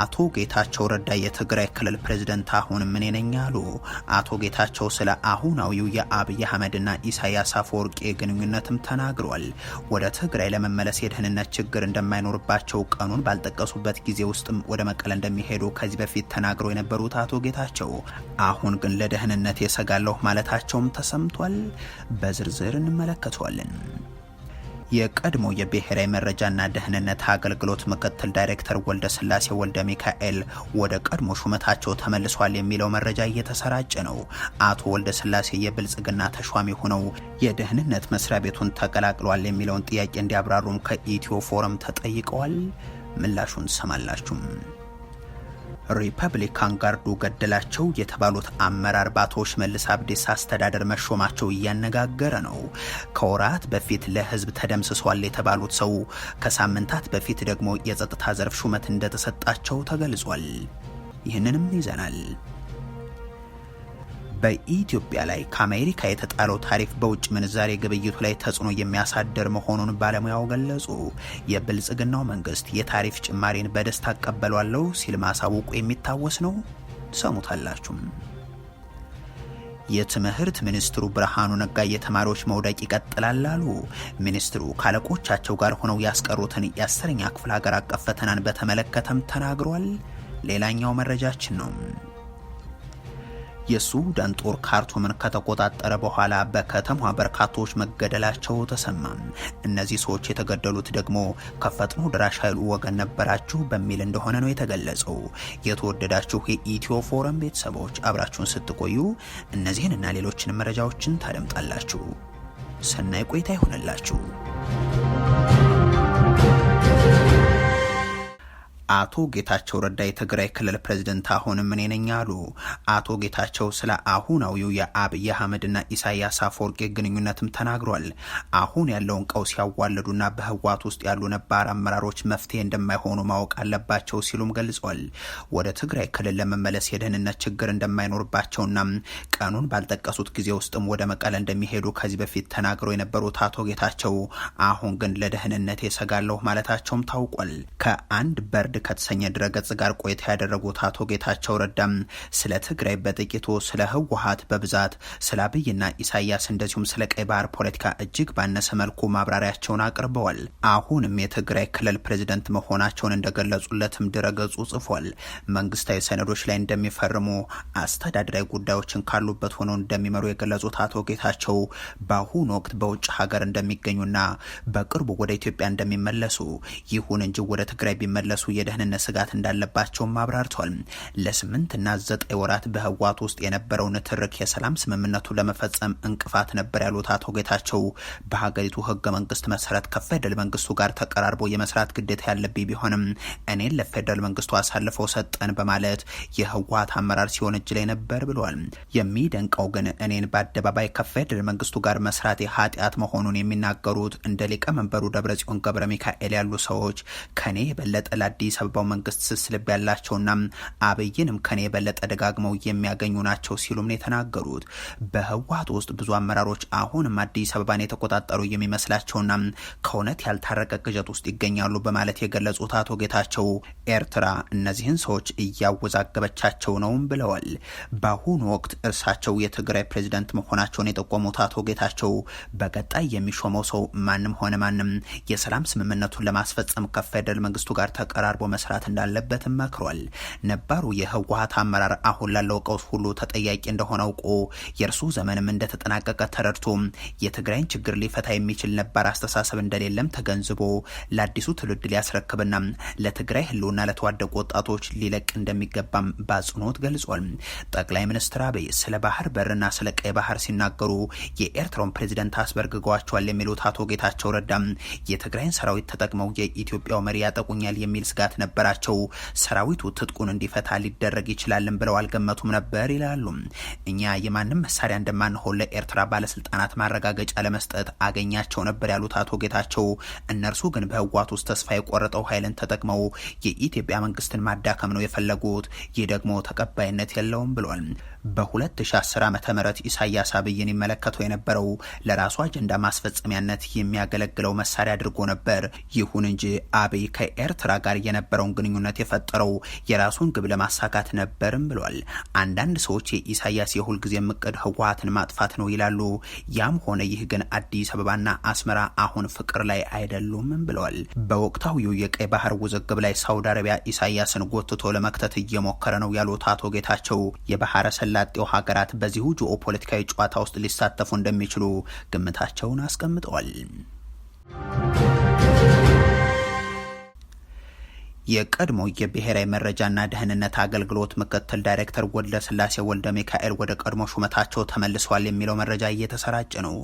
አቶ ጌታቸው ረዳ የትግራይ ክልል ፕሬዝደንት አሁን ምን ነኝ አሉ። አቶ ጌታቸው ስለ አሁናዊው የአብይ አህመድና ኢሳያስ አፈወርቂ ግንኙነትም ተናግሯል። ወደ ትግራይ ለመመለስ የደህንነት ችግር እንደማይኖርባቸው ቀኑን ባልጠቀሱበት ጊዜ ውስጥም ወደ መቀለ እንደሚሄዱ ከዚህ በፊት ተናግረው የነበሩት አቶ ጌታቸው አሁን ግን ለደህንነት የሰጋለሁ ማለታቸውም ተሰምቷል። በዝርዝር እንመለከተዋለን። የቀድሞ የብሔራዊ መረጃና ደህንነት አገልግሎት ምክትል ዳይሬክተር ወልደ ስላሴ ወልደ ሚካኤል ወደ ቀድሞ ሹመታቸው ተመልሷል የሚለው መረጃ እየተሰራጨ ነው። አቶ ወልደ ስላሴ የብልጽግና ተሿሚ ሆነው የደህንነት መስሪያ ቤቱን ተቀላቅሏል የሚለውን ጥያቄ እንዲያብራሩም ከኢትዮ ፎረም ተጠይቀዋል። ምላሹን ሰማላችሁም። ሪፐብሊካን ጋርዱ ገደላቸው የተባሉት አመራር በአቶ ሽመልስ አብዲሳ አስተዳደር መሾማቸው እያነጋገረ ነው። ከወራት በፊት ለህዝብ ተደምስሷል የተባሉት ሰው ከሳምንታት በፊት ደግሞ የጸጥታ ዘርፍ ሹመት እንደተሰጣቸው ተገልጿል። ይህንንም ይዘናል። በኢትዮጵያ ላይ ከአሜሪካ የተጣለው ታሪፍ በውጭ ምንዛሬ ግብይቱ ላይ ተጽዕኖ የሚያሳደር መሆኑን ባለሙያው ገለጹ። የብልጽግናው መንግስት የታሪፍ ጭማሪን በደስታ አቀበሏለሁ ሲል ማሳወቁ የሚታወስ ነው። ሰሙታላችሁም። የትምህርት ሚኒስትሩ ብርሃኑ ነጋ የተማሪዎች መውደቅ ይቀጥላል አሉ። ሚኒስትሩ ካለቆቻቸው ጋር ሆነው ያስቀሩትን የአስረኛ ክፍል ሀገር አቀፍ ፈተናን በተመለከተም ተናግሯል። ሌላኛው መረጃችን ነው። የሱዳን ጦር ካርቱምን ከተቆጣጠረ በኋላ በከተማ በርካቶች መገደላቸው ተሰማ። እነዚህ ሰዎች የተገደሉት ደግሞ ከፈጥኖ ድራሽ ኃይሉ ወገን ነበራችሁ በሚል እንደሆነ ነው የተገለጸው። የተወደዳችሁ የኢትዮ ፎረም ቤተሰቦች አብራችሁን ስትቆዩ እነዚህን እና ሌሎችን መረጃዎችን ታደምጣላችሁ። ሰናይ ቆይታ ይሆንላችሁ። አቶ ጌታቸው ረዳ የትግራይ ክልል ፕሬዝደንት አሁንም እኔ ነኝ አሉ። አቶ ጌታቸው ስለ አሁናዊው የአብይ አህመድና ኢሳያስ አፈወርቂ ግንኙነትም ተናግሯል። አሁን ያለውን ቀውስ ያዋለዱና በህወሓት ውስጥ ያሉ ነባር አመራሮች መፍትሄ እንደማይሆኑ ማወቅ አለባቸው ሲሉም ገልጿል። ወደ ትግራይ ክልል ለመመለስ የደህንነት ችግር እንደማይኖርባቸውና ቀኑን ባልጠቀሱት ጊዜ ውስጥም ወደ መቀለ እንደሚሄዱ ከዚህ በፊት ተናግረው የነበሩት አቶ ጌታቸው አሁን ግን ለደህንነት የሰጋለሁ ማለታቸውም ታውቋል። ከአንድ በርድ ከተሰኘ ድረገጽ ጋር ቆይታ ያደረጉት አቶ ጌታቸው ረዳም ስለ ትግራይ በጥቂቱ ስለ ህወሀት በብዛት ስለ አብይና ኢሳያስ እንደዚሁም ስለ ቀይ ባህር ፖለቲካ እጅግ ባነሰ መልኩ ማብራሪያቸውን አቅርበዋል። አሁንም የትግራይ ክልል ፕሬዚደንት መሆናቸውን እንደገለጹለትም ድረገጹ ጽፏል። መንግስታዊ ሰነዶች ላይ እንደሚፈርሙ አስተዳደራዊ ጉዳዮችን ካሉበት ሆነው እንደሚመሩ የገለጹት አቶ ጌታቸው በአሁኑ ወቅት በውጭ ሀገር እንደሚገኙና በቅርቡ ወደ ኢትዮጵያ እንደሚመለሱ ይሁን እንጂ ወደ ትግራይ ቢመለሱ የደህንነት ስጋት እንዳለባቸውም አብራርተዋል። ለስምንት እና ዘጠኝ ወራት በህወሓት ውስጥ የነበረው ንትርክ የሰላም ስምምነቱ ለመፈጸም እንቅፋት ነበር ያሉት አቶ ጌታቸው በሀገሪቱ ህገ መንግስት መሰረት ከፌደራል መንግስቱ ጋር ተቀራርቦ የመስራት ግዴታ ያለብኝ ቢሆንም እኔን ለፌደራል መንግስቱ አሳልፈው ሰጠን በማለት የህወሓት አመራር ሲሆን እጅ ላይ ነበር ብለዋል። የሚደንቀው ግን እኔን በአደባባይ ከፌደራል መንግስቱ ጋር መስራት የኃጢአት መሆኑን የሚናገሩት እንደ ሊቀመንበሩ ደብረጽዮን ገብረ ሚካኤል ያሉ ሰዎች ከኔ የበለጠ ለአዲስ የአዲስ አበባው መንግስት ልብ ያላቸውና አብይንም ከኔ የበለጠ ደጋግመው የሚያገኙ ናቸው ሲሉም ነው የተናገሩት። በህወሀት ውስጥ ብዙ አመራሮች አሁንም አዲስ አበባን የተቆጣጠሩ የሚመስላቸውና ከእውነት ያልታረቀ ቅዠት ውስጥ ይገኛሉ በማለት የገለጹት አቶ ጌታቸው ኤርትራ እነዚህን ሰዎች እያወዛገበቻቸው ነውም ብለዋል። በአሁኑ ወቅት እርሳቸው የትግራይ ፕሬዚደንት መሆናቸውን የጠቆሙት አቶ ጌታቸው በቀጣይ የሚሾመው ሰው ማንም ሆነ ማንም የሰላም ስምምነቱን ለማስፈጸም ከፌደራል መንግስቱ ጋር ተቀራርቦ አድርጎ መስራት እንዳለበትም መክሯል። ነባሩ የህወሀት አመራር አሁን ላለው ቀውስ ሁሉ ተጠያቂ እንደሆነ አውቆ የእርሱ ዘመንም እንደተጠናቀቀ ተረድቶ የትግራይን ችግር ሊፈታ የሚችል ነባር አስተሳሰብ እንደሌለም ተገንዝቦ ለአዲሱ ትውልድ ሊያስረክብና ለትግራይ ህልውና ለተዋደቁ ወጣቶች ሊለቅ እንደሚገባም በአጽንኦት ገልጿል። ጠቅላይ ሚኒስትር አብይ ስለ ባህር በርና ስለ ቀይ ባህር ሲናገሩ የኤርትራውን ፕሬዚደንት አስበርግገዋቸዋል የሚሉት አቶ ጌታቸው ረዳ የትግራይን ሰራዊት ተጠቅመው የኢትዮጵያው መሪ ያጠቁኛል የሚል ስጋት ምክንያት ነበራቸው። ሰራዊቱ ትጥቁን እንዲፈታ ሊደረግ ይችላልን ብለው አልገመቱም ነበር ይላሉ። እኛ የማንም መሳሪያ እንደማንሆን ለኤርትራ ባለስልጣናት ማረጋገጫ ለመስጠት አገኛቸው ነበር ያሉት አቶ ጌታቸው፣ እነርሱ ግን በህዋት ውስጥ ተስፋ የቆረጠው ኃይልን ተጠቅመው የኢትዮጵያ መንግስትን ማዳከም ነው የፈለጉት። ይህ ደግሞ ተቀባይነት የለውም ብሏል። በ2010 ዓ ም ኢሳያስ አብይን ይመለከተው የነበረው ለራሱ አጀንዳ ማስፈጸሚያነት የሚያገለግለው መሳሪያ አድርጎ ነበር። ይሁን እንጂ አብይ ከኤርትራ ጋር የነበ የነበረውን ግንኙነት የፈጠረው የራሱን ግብ ለማሳካት ነበርም ብሏል። አንዳንድ ሰዎች የኢሳያስ የሁልጊዜ እቅድ ህወሀትን ማጥፋት ነው ይላሉ። ያም ሆነ ይህ ግን አዲስ አበባና አስመራ አሁን ፍቅር ላይ አይደሉም ብለዋል። በወቅታዊው የቀይ ባህር ውዝግብ ላይ ሳውዲ አረቢያ ኢሳያስን ጎትቶ ለመክተት እየሞከረ ነው ያሉት አቶ ጌታቸው የባህረ ሰላጤው ሀገራት በዚሁ ጂኦፖለቲካዊ ፖለቲካዊ ጨዋታ ውስጥ ሊሳተፉ እንደሚችሉ ግምታቸውን አስቀምጠዋል። የቀድሞ የብሔራዊ መረጃና ደህንነት አገልግሎት ምክትል ዳይሬክተር ወልደ ስላሴ ወልደ ሚካኤል ወደ ቀድሞ ሹመታቸው ተመልሰዋል የሚለው መረጃ እየተሰራጨ ነው።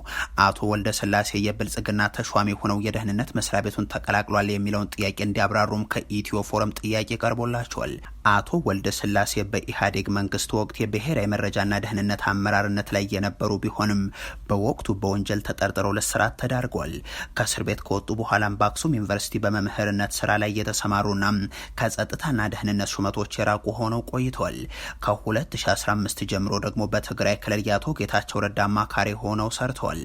አቶ ወልደ ስላሴ የብልጽግና ተሿሚ ሆነው የደህንነት መስሪያ ቤቱን ተቀላቅሏል የሚለውን ጥያቄ እንዲያብራሩም ከኢትዮ ፎረም ጥያቄ ቀርቦላቸዋል። አቶ ወልደ ስላሴ በኢህአዴግ መንግስት ወቅት የብሔራዊ መረጃና ደህንነት አመራርነት ላይ የነበሩ ቢሆንም በወቅቱ በወንጀል ተጠርጥረው ለስርዓት ተዳርጓል። ከእስር ቤት ከወጡ በኋላም በአክሱም ዩኒቨርሲቲ በመምህርነት ስራ ላይ የተሰማሩና ከጸጥታና ደህንነት ሹመቶች የራቁ ሆነው ቆይተዋል። ከ2015 ጀምሮ ደግሞ በትግራይ ክልል የአቶ ጌታቸው ረዳ አማካሪ ሆነው ሰርተዋል።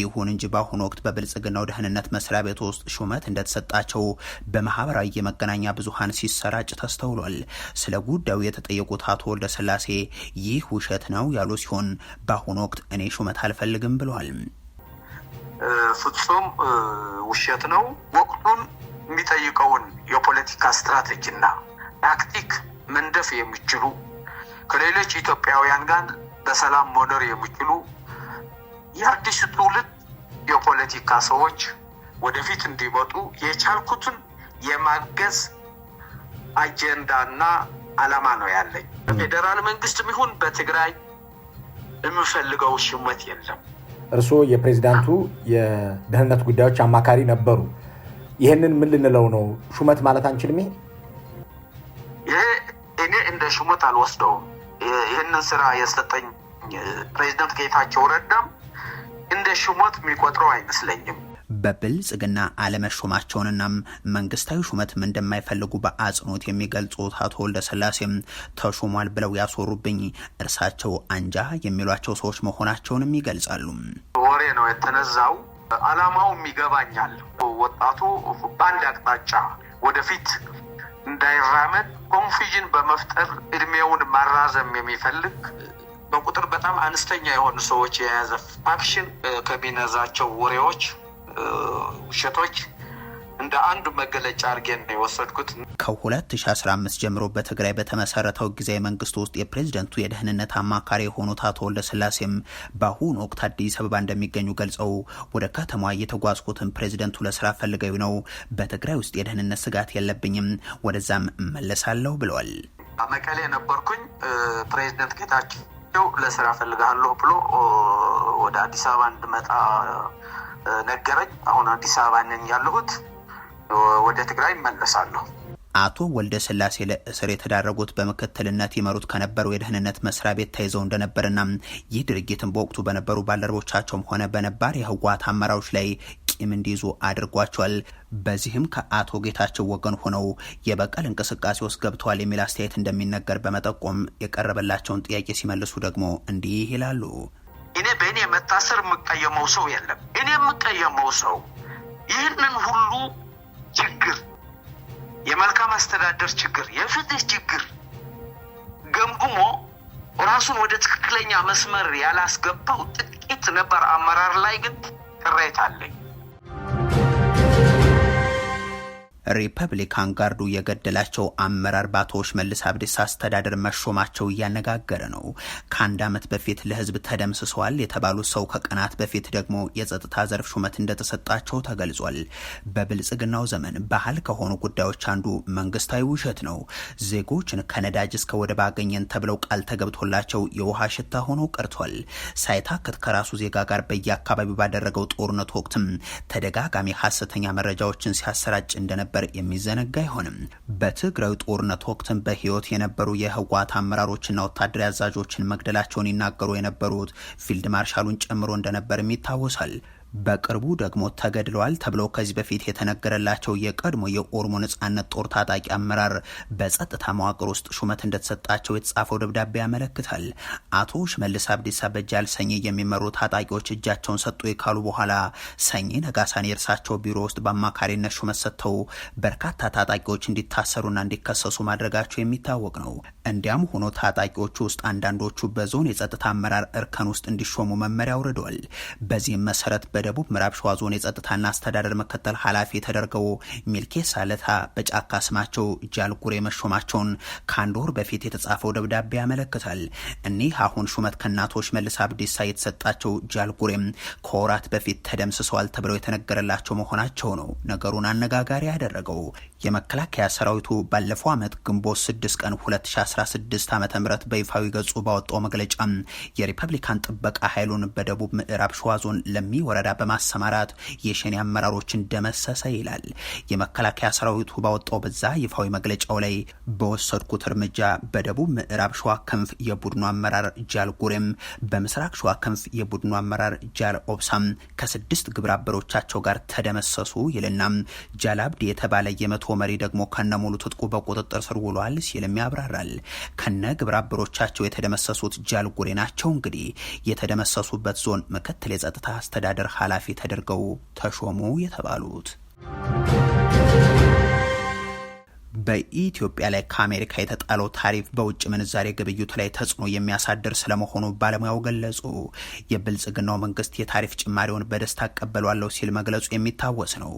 ይሁን እንጂ በአሁኑ ወቅት በብልጽግናው ደህንነት መስሪያ ቤት ውስጥ ሹመት እንደተሰጣቸው በማህበራዊ የመገናኛ ብዙሃን ሲሰራጭ ተስተውሏል። ስለ ጉዳዩ የተጠየቁት አቶ ወልደ ስላሴ ይህ ውሸት ነው ያሉ ሲሆን በአሁኑ ወቅት እኔ ሹመት አልፈልግም ብለዋል። ፍጹም ውሸት ነው። ወቅቱን የሚጠይቀውን የፖለቲካ ስትራቴጂና ታክቲክ መንደፍ የሚችሉ ከሌሎች ኢትዮጵያውያን ጋር በሰላም መኖር የሚችሉ የአዲሱ ትውልድ የፖለቲካ ሰዎች ወደፊት እንዲመጡ የቻልኩትን የማገዝ አጀንዳና አላማ ነው ያለኝ። በፌዴራል መንግስት ይሁን በትግራይ የምፈልገው ሹመት የለም። እርስዎ የፕሬዚዳንቱ የደህንነት ጉዳዮች አማካሪ ነበሩ። ይህንን ምን ልንለው ነው? ሹመት ማለት አንችልም። ይሄ እኔ እንደ ሹመት አልወስደውም። ይህንን ስራ የሰጠኝ ፕሬዚደንት ጌታቸው ረዳም እንደ ሹመት የሚቆጥረው አይመስለኝም። በብልጽግና አለመሾማቸውንና መንግስታዊ ሹመትም እንደማይፈልጉ በአጽንኦት የሚገልጹት አቶ ወልደስላሴም ተሹሟል ብለው ያስወሩብኝ እርሳቸው አንጃ የሚሏቸው ሰዎች መሆናቸውንም ይገልጻሉ። ወሬ ነው የተነዛው። አላማውም ይገባኛል። ወጣቱ በአንድ አቅጣጫ ወደፊት እንዳይራመድ ኮንፊዥን በመፍጠር እድሜውን ማራዘም የሚፈልግ በቁጥር በጣም አነስተኛ የሆኑ ሰዎች የያዘ ፋክሽን ከሚነዛቸው ወሬዎች ውሸቶች እንደ አንዱ መገለጫ አድርጌ ነው የወሰድኩት። ከ2015 ጀምሮ በትግራይ በተመሰረተው ጊዜ መንግስት ውስጥ የፕሬዝደንቱ የደህንነት አማካሪ የሆኑት አቶ ወልደስላሴም በአሁኑ ወቅት አዲስ አበባ እንደሚገኙ ገልጸው ወደ ከተማ እየተጓዝኩትን ፕሬዝደንቱ ለስራ ፈልገው ነው፣ በትግራይ ውስጥ የደህንነት ስጋት የለብኝም፣ ወደዛም መለሳለሁ ብለዋል። መቀሌ የነበርኩኝ ፕሬዝደንት ጌታቸው ለስራ ፈልጋለሁ ብሎ ወደ አዲስ አበባ እንድመጣ ነገረኝ። አሁን አዲስ አበባ ነኝ ያለሁት፣ ወደ ትግራይ እመለሳለሁ። አቶ ወልደ ስላሴ ለእስር የተዳረጉት በምክትልነት ይመሩት ከነበረው የደህንነት መስሪያ ቤት ተይዘው እንደነበርና ይህ ድርጊትም በወቅቱ በነበሩ ባልደረቦቻቸውም ሆነ በነባር የህወሓት አመራሮች ላይ ቂም እንዲይዙ አድርጓቸዋል። በዚህም ከአቶ ጌታቸው ወገን ሆነው የበቀል እንቅስቃሴ ውስጥ ገብተዋል የሚል አስተያየት እንደሚነገር በመጠቆም የቀረበላቸውን ጥያቄ ሲመልሱ ደግሞ እንዲህ ይላሉ። እኔ በእኔ መታሰር የምቀየመው ሰው የለም። እኔ የምቀየመው ሰው ይህንን ሁሉ ችግር፣ የመልካም አስተዳደር ችግር፣ የፍትህ ችግር ገምግሞ ራሱን ወደ ትክክለኛ መስመር ያላስገባው ጥቂት ነበር። አመራር ላይ ግን ቅሬታ አለኝ። ሪፐብሊካን ጋርዱ የገደላቸው አመራር በአቶ መልስ አብዲሳ አስተዳደር መሾማቸው እያነጋገረ ነው። ከአንድ ዓመት በፊት ለህዝብ ተደምስሰዋል የተባሉት ሰው ከቀናት በፊት ደግሞ የጸጥታ ዘርፍ ሹመት እንደተሰጣቸው ተገልጿል። በብልጽግናው ዘመን ባህል ከሆኑ ጉዳዮች አንዱ መንግስታዊ ውሸት ነው። ዜጎችን ከነዳጅ እስከ ወደብ አገኘን ተብለው ቃል ተገብቶላቸው የውሃ ሽታ ሆኖ ቀርቷል። ሳይታክት ከራሱ ዜጋ ጋር በየአካባቢው ባደረገው ጦርነት ወቅትም ተደጋጋሚ ሀሰተኛ መረጃዎችን ሲያሰራጭ እንደነበር እንደነበር የሚዘነጋ አይሆንም። በትግራዩ ጦርነት ወቅትም በህይወት የነበሩ የህወሓት አመራሮችና ወታደራዊ አዛዦችን መግደላቸውን ይናገሩ የነበሩት ፊልድ ማርሻሉን ጨምሮ እንደነበርም ይታወሳል። በቅርቡ ደግሞ ተገድለዋል ተብሎ ከዚህ በፊት የተነገረላቸው የቀድሞ የኦሮሞ ነጻነት ጦር ታጣቂ አመራር በጸጥታ መዋቅር ውስጥ ሹመት እንደተሰጣቸው የተጻፈው ደብዳቤ ያመለክታል። አቶ ሽመልስ አብዲሳ በጃል ሰኜ የሚመሩ ታጣቂዎች እጃቸውን ሰጡ የካሉ በኋላ ሰኜ ነጋሳን የእርሳቸው ቢሮ ውስጥ በአማካሪነት ሹመት ሰጥተው በርካታ ታጣቂዎች እንዲታሰሩና እንዲከሰሱ ማድረጋቸው የሚታወቅ ነው። እንዲያም ሆኖ ታጣቂዎቹ ውስጥ አንዳንዶቹ በዞን የጸጥታ አመራር እርከን ውስጥ እንዲሾሙ መመሪያ አውርደዋል። በዚህም መሰረት በ በደቡብ ምዕራብ ሸዋ ዞን የጸጥታና አስተዳደር መከተል ኃላፊ ተደርገው ሚልኬ ሳለታ በጫካ ስማቸው ጃልጉሬ መሾማቸውን ከአንድ ወር በፊት የተጻፈው ደብዳቤ ያመለክታል። እኒህ አሁን ሹመት ከእናቶች መልስ አብዲሳ የተሰጣቸው ጃልጉሬም ከወራት በፊት ተደምስሰዋል ተብለው የተነገረላቸው መሆናቸው ነው ነገሩን አነጋጋሪ ያደረገው። የመከላከያ ሰራዊቱ ባለፈው ዓመት ግንቦት 6 ቀን 2016 ዓ ም በይፋዊ ገጹ ባወጣው መግለጫ የሪፐብሊካን ጥበቃ ኃይሉን በደቡብ ምዕራብ ሸዋ ዞን ለሚወረዳ ወረዳ በማሰማራት የሸኔ አመራሮችን ደመሰሰ ይላል። የመከላከያ ሰራዊቱ ባወጣው በዛ ይፋዊ መግለጫው ላይ በወሰድኩት እርምጃ በደቡብ ምዕራብ ሸዋ ክንፍ የቡድኑ አመራር ጃል ጉሬም፣ በምስራቅ ሸዋ ክንፍ የቡድኑ አመራር ጃል ኦብሳም ከስድስት ግብረ አበሮቻቸው ጋር ተደመሰሱ ይልና ጃል አብድ የተባለ የመቶ መሪ ደግሞ ከነሙሉ ትጥቁ በቁጥጥር ስር ውሏል ሲልም ያብራራል። ከነ ግብረ አበሮቻቸው የተደመሰሱት ጃል ጉሬ ናቸው። እንግዲህ የተደመሰሱበት ዞን ምክትል የጸጥታ አስተዳደር ኃላፊ ተደርገው ተሾሙ የተባሉት በኢትዮጵያ ላይ ከአሜሪካ የተጣለው ታሪፍ በውጭ ምንዛሬ ግብይቱ ላይ ተጽዕኖ የሚያሳድር ስለመሆኑ ባለሙያው ገለጹ። የብልጽግናው መንግስት የታሪፍ ጭማሪውን በደስታ አቀበሏለሁ ሲል መግለጹ የሚታወስ ነው።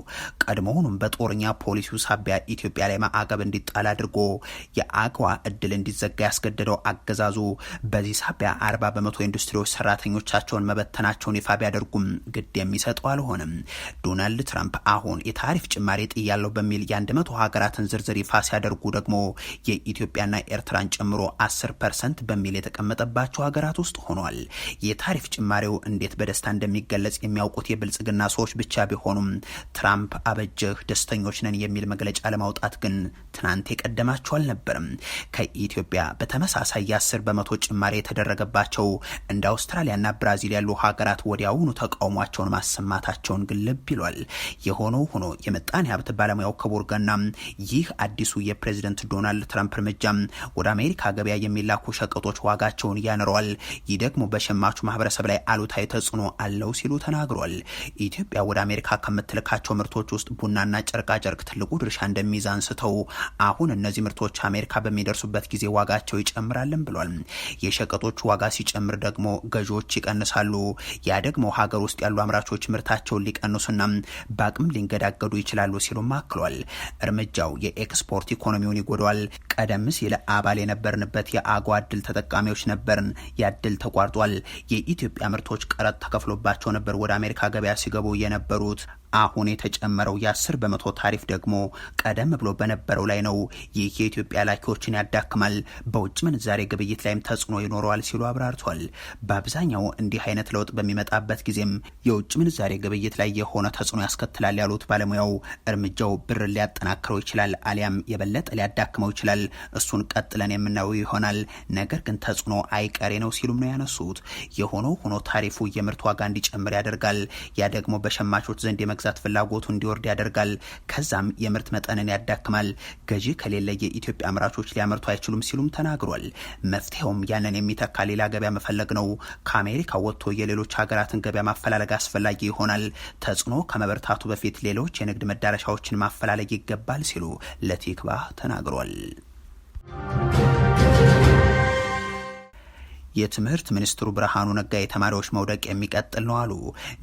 ቀድሞውኑም በጦርኛ ፖሊሲው ሳቢያ ኢትዮጵያ ላይ ማዕቀብ እንዲጣል አድርጎ የአግዋ እድል እንዲዘጋ ያስገደደው አገዛዙ በዚህ ሳቢያ አርባ በመቶ ኢንዱስትሪዎች ሰራተኞቻቸውን መበተናቸውን ይፋ ቢያደርጉም ግድ የሚሰጠው አልሆነም። ዶናልድ ትራምፕ አሁን የታሪፍ ጭማሪ ጥያለው በሚል የ100 ሀገራትን ዝርዝር ይፋ ሲያደርጉ ደግሞ የኢትዮጵያና ኤርትራን ጨምሮ 10 ፐርሰንት በሚል የተቀመጠባቸው ሀገራት ውስጥ ሆኗል። የታሪፍ ጭማሪው እንዴት በደስታ እንደሚገለጽ የሚያውቁት የብልጽግና ሰዎች ብቻ ቢሆኑም ትራምፕ አበጀህ ደስተኞች ነን የሚል መግለጫ ለማውጣት ግን ትናንት የቀደማቸው አልነበርም። ከኢትዮጵያ በተመሳሳይ የ10 በመቶ ጭማሪ የተደረገባቸው እንደ አውስትራሊያና ብራዚል ያሉ ሀገራት ወዲያውኑ ተቃውሟቸውን ማሰማታቸውን ግን ልብ ይሏል። የሆነው ሆኖ የምጣኔ ሀብት ባለሙያው ክቡር ገና ይህ አዲሱ የፕሬዚደንት ዶናልድ ትራምፕ እርምጃ ወደ አሜሪካ ገበያ የሚላኩ ሸቀጦች ዋጋቸውን ያንረዋል። ይህ ደግሞ በሸማቹ ማህበረሰብ ላይ አሉታዊ ተጽዕኖ አለው ሲሉ ተናግሯል። ኢትዮጵያ ወደ አሜሪካ ከምትልካቸው ምርቶች ውስጥ ቡናና ጨርቃጨርቅ ትልቁ ድርሻ እንደሚይዝ አንስተው አሁን እነዚህ ምርቶች አሜሪካ በሚደርሱበት ጊዜ ዋጋቸው ይጨምራልን ብሏል። የሸቀጦቹ ዋጋ ሲጨምር ደግሞ ገዢዎች ይቀንሳሉ። ያ ደግሞ ሀገር ውስጥ ያሉ አምራቾች ምርታቸውን ሊቀንሱና በአቅም ሊንገዳገዱ ይችላሉ ሲሉም አክሏል። እርምጃው የኤክስ ስፖርት ኢኮኖሚውን ይጎዳዋል። ቀደም ሲል አባል የነበርንበት የአጎዋ እድል ተጠቃሚዎች ነበርን። ያ እድል ተቋርጧል። የኢትዮጵያ ምርቶች ቀረጥ ተከፍሎባቸው ነበር ወደ አሜሪካ ገበያ ሲገቡ የነበሩት። አሁን የተጨመረው የ10 በመቶ ታሪፍ ደግሞ ቀደም ብሎ በነበረው ላይ ነው። ይህ የኢትዮጵያ ላኪዎችን ያዳክማል፣ በውጭ ምንዛሬ ግብይት ላይም ተጽዕኖ ይኖረዋል ሲሉ አብራርቷል። በአብዛኛው እንዲህ አይነት ለውጥ በሚመጣበት ጊዜም የውጭ ምንዛሬ ግብይት ላይ የሆነ ተጽዕኖ ያስከትላል ያሉት ባለሙያው እርምጃው ብር ሊያጠናክረው ይችላል፣ አሊያም የበለጠ ሊያዳክመው ይችላል። እሱን ቀጥለን የምናየው ይሆናል። ነገር ግን ተጽዕኖ አይቀሬ ነው ሲሉም ነው ያነሱት። የሆነው ሆኖ ታሪፉ የምርት ዋጋ እንዲጨምር ያደርጋል። ያ ደግሞ በሸማቾች ዘንድ የመግዛት ፍላጎቱ እንዲወርድ ያደርጋል። ከዛም የምርት መጠንን ያዳክማል። ገዢ ከሌለ የኢትዮጵያ አምራቾች ሊያመርቱ አይችሉም ሲሉም ተናግሯል። መፍትሄውም ያንን የሚተካ ሌላ ገበያ መፈለግ ነው። ከአሜሪካ ወጥቶ የሌሎች ሀገራትን ገበያ ማፈላለግ አስፈላጊ ይሆናል። ተጽዕኖ ከመበርታቱ በፊት ሌሎች የንግድ መዳረሻዎችን ማፈላለግ ይገባል ሲሉ ለቲክባ ተናግሯል። የትምህርት ሚኒስትሩ ብርሃኑ ነጋ የተማሪዎች መውደቅ የሚቀጥል ነው አሉ።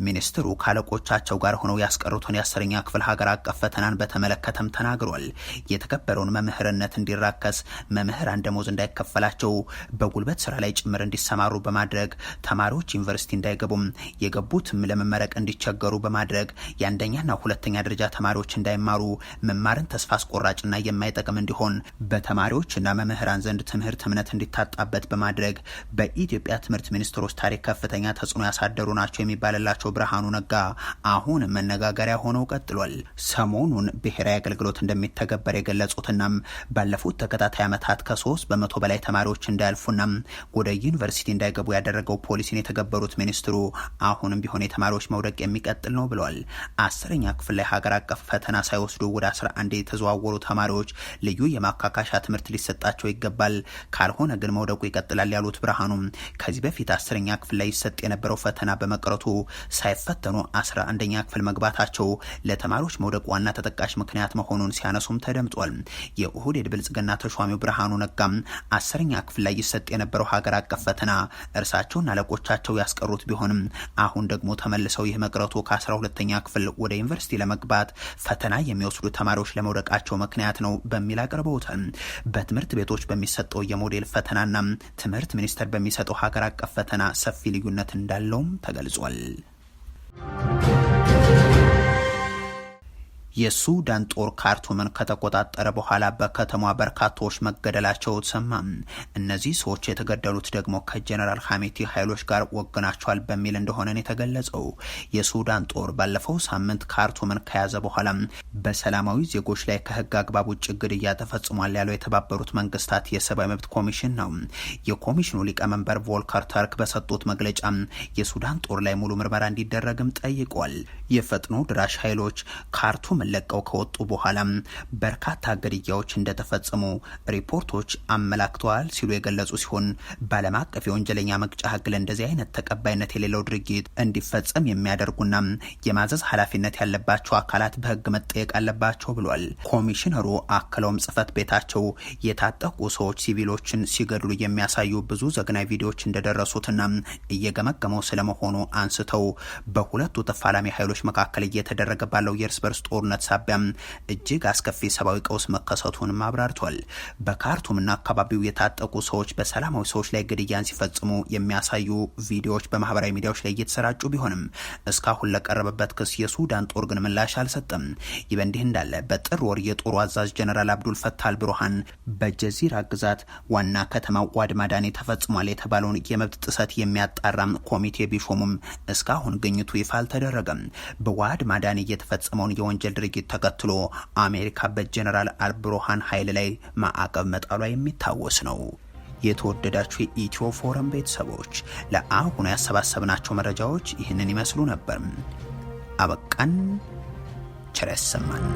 ሚኒስትሩ ከአለቆቻቸው ጋር ሆነው ያስቀሩትን የአስረኛ ክፍል ሀገር አቀፍ ፈተናን በተመለከተም ተናግሯል። የተከበረውን መምህርነት እንዲራከስ፣ መምህራን ደሞዝ እንዳይከፈላቸው፣ በጉልበት ስራ ላይ ጭምር እንዲሰማሩ በማድረግ ተማሪዎች ዩኒቨርሲቲ እንዳይገቡም የገቡትም ለመመረቅ እንዲቸገሩ በማድረግ የአንደኛና ሁለተኛ ደረጃ ተማሪዎች እንዳይማሩ መማርን ተስፋ አስቆራጭና የማይጠቅም እንዲሆን በተማሪዎችና መምህራን ዘንድ ትምህርት እምነት እንዲታጣበት በማድረግ በ በኢትዮጵያ ትምህርት ሚኒስትሮች ታሪክ ከፍተኛ ተጽዕኖ ያሳደሩ ናቸው የሚባልላቸው ብርሃኑ ነጋ አሁን መነጋገሪያ ሆነው ቀጥሏል። ሰሞኑን ብሔራዊ አገልግሎት እንደሚተገበር የገለጹትናም ባለፉት ተከታታይ ዓመታት ከሶስት በመቶ በላይ ተማሪዎች እንዳያልፉና ወደ ዩኒቨርሲቲ እንዳይገቡ ያደረገው ፖሊሲን የተገበሩት ሚኒስትሩ አሁንም ቢሆን የተማሪዎች መውደቅ የሚቀጥል ነው ብለዋል። አስረኛ ክፍል ላይ ሀገር አቀፍ ፈተና ሳይወስዱ ወደ 11 የተዘዋወሩ ተማሪዎች ልዩ የማካካሻ ትምህርት ሊሰጣቸው ይገባል፣ ካልሆነ ግን መውደቁ ይቀጥላል ያሉት ብርሃኑ ብርሃኑ ከዚህ በፊት አስረኛ ክፍል ላይ ይሰጥ የነበረው ፈተና በመቅረቱ ሳይፈተኑ አስራ አንደኛ ክፍል መግባታቸው ለተማሪዎች መውደቅ ዋና ተጠቃሽ ምክንያት መሆኑን ሲያነሱም ተደምጧል። የኦህዴድ ብልጽግና ተሿሚው ብርሃኑ ነጋም አስረኛ ክፍል ላይ ይሰጥ የነበረው ሀገር አቀፍ ፈተና እርሳቸውን አለቆቻቸው ያስቀሩት ቢሆንም አሁን ደግሞ ተመልሰው ይህ መቅረቱ ከአስራ ሁለተኛ ክፍል ወደ ዩኒቨርሲቲ ለመግባት ፈተና የሚወስዱ ተማሪዎች ለመውደቃቸው ምክንያት ነው በሚል አቅርበውታል። በትምህርት ቤቶች በሚሰጠው የሞዴል ፈተናና ትምህርት ሚኒስቴር በሚሰጠው ሀገር አቀፍ ፈተና ሰፊ ልዩነት እንዳለውም ተገልጿል። የሱዳን ጦር ካርቱምን ከተቆጣጠረ በኋላ በከተማ በርካታዎች መገደላቸው ሰማ እነዚህ ሰዎች የተገደሉት ደግሞ ከጀነራል ሀሜቲ ኃይሎች ጋር ወግናቸዋል በሚል እንደሆነን የተገለጸው የሱዳን ጦር ባለፈው ሳምንት ካርቱምን ከያዘ በኋላ በሰላማዊ ዜጎች ላይ ከህግ አግባብ ውጭ ግድያ ተፈጽሟል ያለው የተባበሩት መንግስታት የሰብአዊ መብት ኮሚሽን ነው። የኮሚሽኑ ሊቀመንበር ቮልከር ተርክ በሰጡት መግለጫ የሱዳን ጦር ላይ ሙሉ ምርመራ እንዲደረግም ጠይቋል። የፈጥኖ ድራሽ ኃይሎች ካርቱም ተቋምን ለቀው ከወጡ በኋላ በርካታ ግድያዎች እንደተፈጸሙ ሪፖርቶች አመላክተዋል ሲሉ የገለጹ ሲሆን በዓለም አቀፍ የወንጀለኛ መቅጫ ህግ ለእንደዚህ አይነት ተቀባይነት የሌለው ድርጊት እንዲፈጸም የሚያደርጉና የማዘዝ ኃላፊነት ያለባቸው አካላት በህግ መጠየቅ አለባቸው ብሏል። ኮሚሽነሩ አክለውም ጽህፈት ቤታቸው የታጠቁ ሰዎች ሲቪሎችን ሲገድሉ የሚያሳዩ ብዙ ዘግናይ ቪዲዮዎች እንደደረሱትና እየገመገመው ስለመሆኑ አንስተው በሁለቱ ተፋላሚ ኃይሎች መካከል እየተደረገ ባለው የእርስ በርስ ጦርነት ጦርነት ሳቢያም እጅግ አስከፊ ሰብአዊ ቀውስ መከሰቱንም አብራርቷል። በካርቱምና አካባቢው የታጠቁ ሰዎች በሰላማዊ ሰዎች ላይ ግድያን ሲፈጽሙ የሚያሳዩ ቪዲዮዎች በማህበራዊ ሚዲያዎች ላይ እየተሰራጩ ቢሆንም እስካሁን ለቀረበበት ክስ የሱዳን ጦር ግን ምላሽ አልሰጠም። ይህ በእንዲህ እንዳለ በጥር ወር የጦሩ አዛዥ ጀነራል አብዱል ፈታል ብሩሃን በጀዚራ ግዛት ዋና ከተማ ዋድ ማዳኔ ተፈጽሟል የተባለውን የመብት ጥሰት የሚያጣራም ኮሚቴ ቢሾሙም እስካሁን ግኝቱ ይፋ አልተደረገም። በዋድ ማዳኔ የተፈጸመውን የወንጀል ድርጊት ተከትሎ አሜሪካ በጀነራል አልብሮሃን ኃይል ላይ ማዕቀብ መጣሏ የሚታወስ ነው። የተወደዳችሁ የኢትዮ ፎረም ቤተሰቦች ለአሁኑ ያሰባሰብናቸው መረጃዎች ይህንን ይመስሉ ነበር። አበቃን። ቸር ያሰማን።